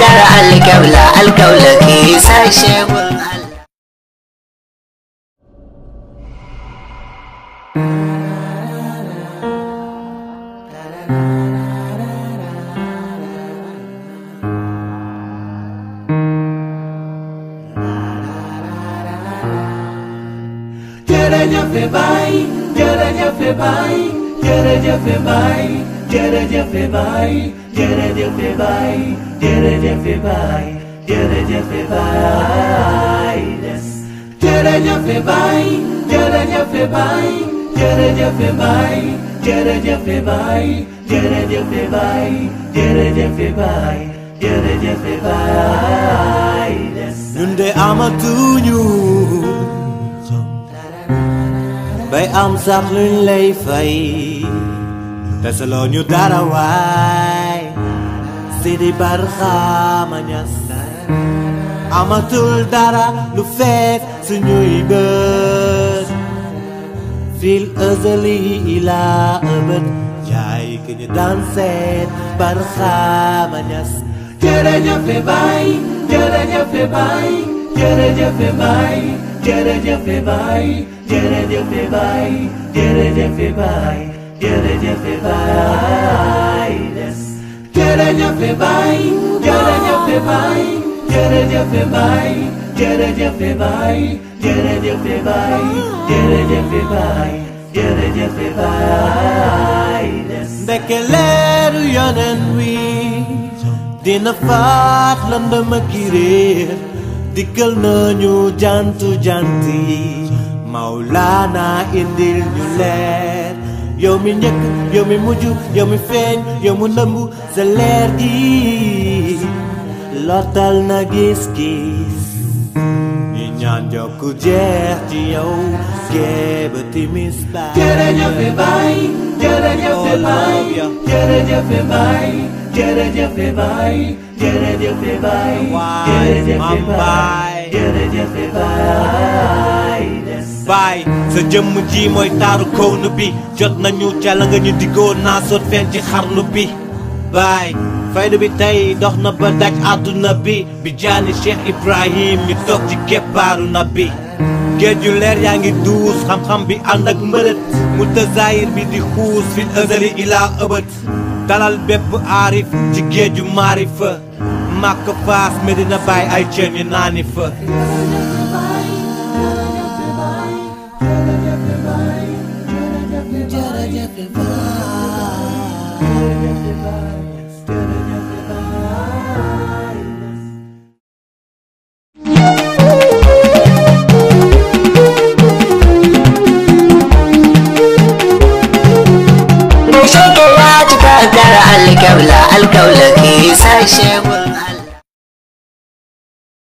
دار الكولة الكولة كيسة شغل Jereje febai, jereje febai, jereje febai, jereje febai, jereje febai, Jeff vai, Jada Jeff vai, yes. Jada Jeff vai, Jada Jeff vai, Jada Jeff vai, Jada Jeff Bay am sak lun lay fay. Tessalonyu darawai. Sidi barra manyas Amatul dara lufet sunyui bed Fil azali ila abad Jai kenya danset barra manyas Jerenya febai, jerenya febai, jerenya febai, jerenya febai, jerenya febai, jerenya febai, jerenya febai, jerenya febai. Quiere Dios te vai, quiere Dios te vai, quiere Dios te vai, quiere Dios te vai, quiere Dios te vai, quiere Dios te vai, quiere Dios te vai. De na nyu jantu janti, maulana indil nyu leer. Eu me nheco, eu me mudo, eu me fenho, eu me lambu, zelergi Lotal na giskis Inyan jo kujerti yo Gebe timis bai Jere jo fe bai, jere jo fe bai Jere jo fe bai, jere jo fe bai Jere jo fe bai, jere jo fe bai Jere jo fe bai, jere jo fe vai, sa jëmm ji mooy taaru kawnu bi jot nañu ca la nga ñu diggoon naa sot fenn ci xarnu bi baay faydu bi tey dox na ba daj àdduna bi bi jaani Cheikh Ibrahim ñu toog ci keppaaru na bi géej leer yaa ngi duus xam-xam bi ànd ak mbërët mu tazayir bi di xuus fi azali ilaa ëbët dalal bépp aarif ci géeju maarifa màkk faas medina baay ay ceen yu naani Shukar alkaula alkaula ke sashe gun